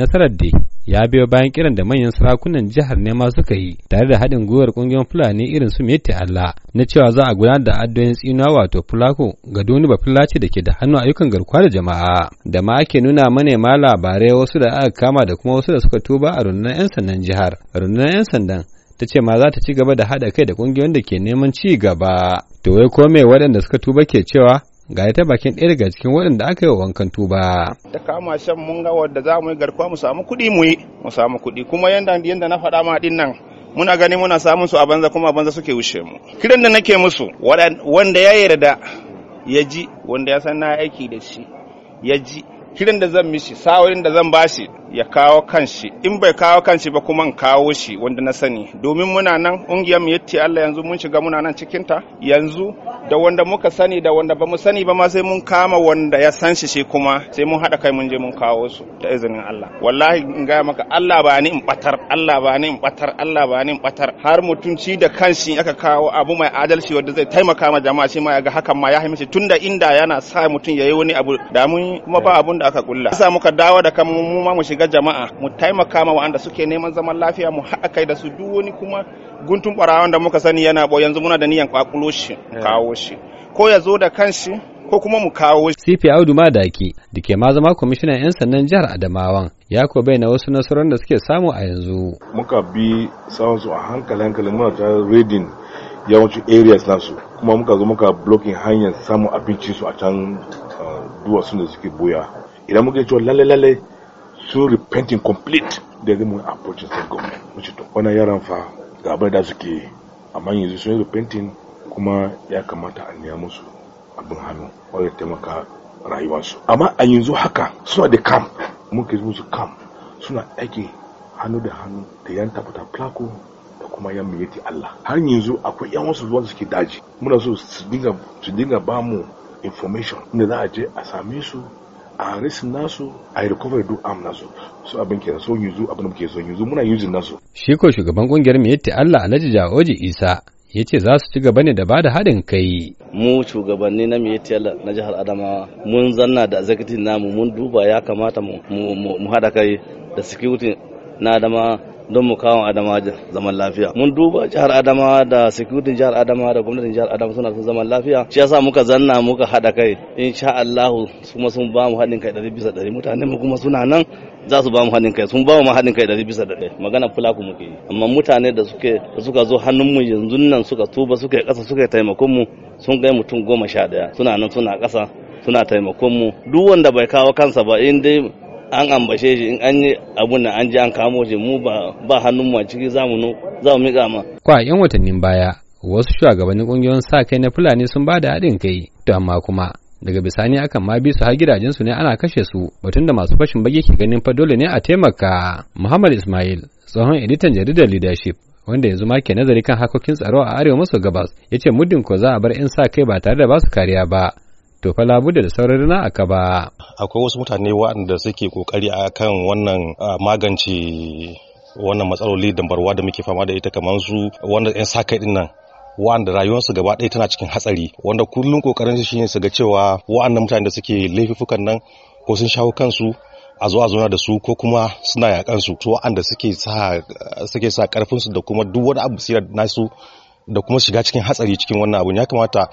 nasarar da ya biyo bayan kiran da manyan sarakunan jihar nema suka yi tare da haɗin gwiwar ƙungiyar fulani irin su mete allah na cewa za a gudanar da addoyin tsinuwa wato fulako ga doni fulaci da ke da hannu ayyukan garkuwa da jama'a da ma ake nuna manema labarai wasu da aka kama da kuma wasu da suka tuba a rundunar 'yan sandan jihar rundunar 'yan sandan ta ce ma za ta ci gaba da haɗa kai da ƙungiyoyin da ke neman ci gaba to wai ko me waɗanda suka tuba ke cewa ga ta bakin ɗaya daga cikin waɗanda aka yi wa wankan tuba. Ta kama shan mun ga wadda za mu yi garkuwa mu samu kuɗi mu yi mu samu kuɗi kuma yanda yanda na faɗa ma ɗin nan muna gani muna samun su a banza kuma a banza suke wushe mu. Kiran da nake musu wanda ya yarda ya ji wanda ya san na aiki da shi ya ji kiran da zan mishi sawarin da zan bashi ya kawo kanshi in bai kawo kanshi ba kuma kawo shi wanda na sani domin muna nan ungiyar mu yatti Allah yanzu mun shiga muna nan cikin ta yanzu da wanda muka sani da wanda ba sani ba ma sai mun kama wanda ya san shi shi kuma sai mun haɗa kai mun je mun kawo su da izinin Allah wallahi in gaya maka Allah ba ni in batar Allah ba ni in batar Allah ba ni in batar har mutunci da kanshi aka kawo abu mai adalci wanda zai taimaka ma jama'a shi ma ya ga hakan ma ya haimace tunda inda yana sa mutum yayi wani abu da mun kuma ba abun da aka kulla sa muka dawo da kan mu ma mu shiga shiga jama'a mu taimaka ma wanda suke neman zaman lafiya mu haɗa kai da su duk wani kuma guntun ɓarawa da muka sani yana bo yanzu muna da niyan kwakulo shi eh. kawo shi ko ya zo da kanshi ko kuma mu kawo shi. CP Audu Madaki da ke ma zama kwamishinan 'yan sannan jihar Adamawan ya ko bai na wasu nasarorin da suke samu a yanzu. Muka bi su a hankali hankali muna ta reading yawancin areas nasu kuma muka zo muka blocking hanyar samun abinci su a can uh, duwatsun da suke boya idan muka yi cewa lalle lalle sun repenting complete da zai mun approach state government mace to wannan yaran fa ga abin da suke amma yanzu sun repenting kuma ya kamata a nemi musu abin hannu wanda taimaka rayuwarsu amma a yanzu haka suna da kam muke musu kam suna aiki hannu da hannu da yan tabbata plako da kuma yan miyati Allah har yanzu akwai yan wasu zuwa suke daji muna so su dinga ba mu information inda za a je a same su a risin nasu a yi recover duk am nasu su abin kenan so yuzu abin da muke so yuzu muna yuzin nasu shi ko shugaban kungiyar mai yatti Allah Alhaji Jawoji Isa ya ce za su ci gaba ne da ba da haɗin kai. Mu shugabanni na Miyatiyal na jihar Adamawa mun zanna da executive namu mun duba ya kamata mu haɗa kai da security na Adamawa don mu kawo adama zaman lafiya mun duba jihar adama da security jihar adama da gwamnatin jihar adama suna son zaman lafiya shi yasa muka zanna muka hada kai insha Allah kuma sun ba mu haɗin kai dari bisa dari mutane mu kuma suna nan za su ba mu haɗin kai sun ba mu haɗin kai dari bisa ɗari magana fulaku muke yi amma mutane da suke da suka zo hannun mu yanzu nan suka tuba suka kasa suka taimakon mu sun kai mutum goma sha suna nan suna kasa suna taimakon mu duk wanda bai kawo kansa ba in dai an ambace shi in an yi abun nan an ji an kamo shi mu ba hannun mu a ciki za mu miƙa ma. Kwa 'yan watannin baya wasu shugabannin ƙungiyoyin sa kai na Fulani sun ba da haɗin kai to amma kuma daga bisani akan ma bi su har su ne ana kashe su batun da masu fashin bage ke ganin fa dole ne a taimaka. Muhammad Ismail tsohon editan jaridar leadership wanda yanzu ma ke nazari kan hakokin tsaro a arewa maso gabas ya ce muddin ko za a bar 'yan sa kai ba tare da ba su kariya ba to fa labuda da sauran na aka ba. akwai wasu mutane waɗanda suke kokari akan wannan magance wannan matsaloli da barwa da muke fama da ita kamar su wanda 'yan sa kai nan wanda rayuwarsu gaba ɗaya tana cikin hatsari wanda kullum kokarin shi ne su ga cewa waɗannan mutane da suke laifukan nan ko sun shawo kansu a zuwa zuwa da su ko kuma suna yaƙan su to wa'anda suke sa suke sa karfin su da kuma duk wani abu sirar nasu da kuma shiga cikin hatsari cikin wannan abu ya kamata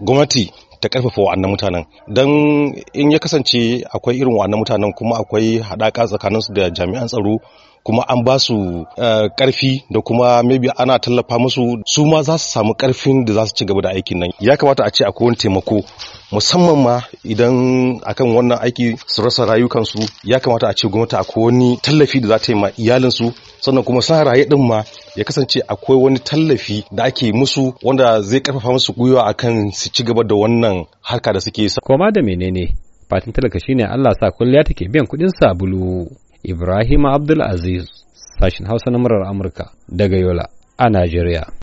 gwamnati ta karfafa wa'annan mutanen don in ya kasance akwai irin wa'annan mutanen kuma akwai haɗaka su da jami'an tsaro kuma an ba su karfi eh, da kuma maybe ana tallafa musu su ma za su samu karfin da za su ci gaba da aikin nan ya kamata a ce akwai wani taimako musamman ma idan akan wannan aiki su rasa rayukansu ya kamata a ce gwamnati akwai wani tallafi da za ta yi ma iyalinsu sannan kuma suna raye din ma ya kasance akwai wani tallafi da ake musu wanda zai karfafa musu gwiwa akan su ci gaba da wannan harka da suke sa. Koma da menene fatin talaka shine Allah sa kulliya take biyan kudin sabulu. Ibrahim Abdul Aziz sashin Hausa na murar Amurka daga Yola a Najeriya.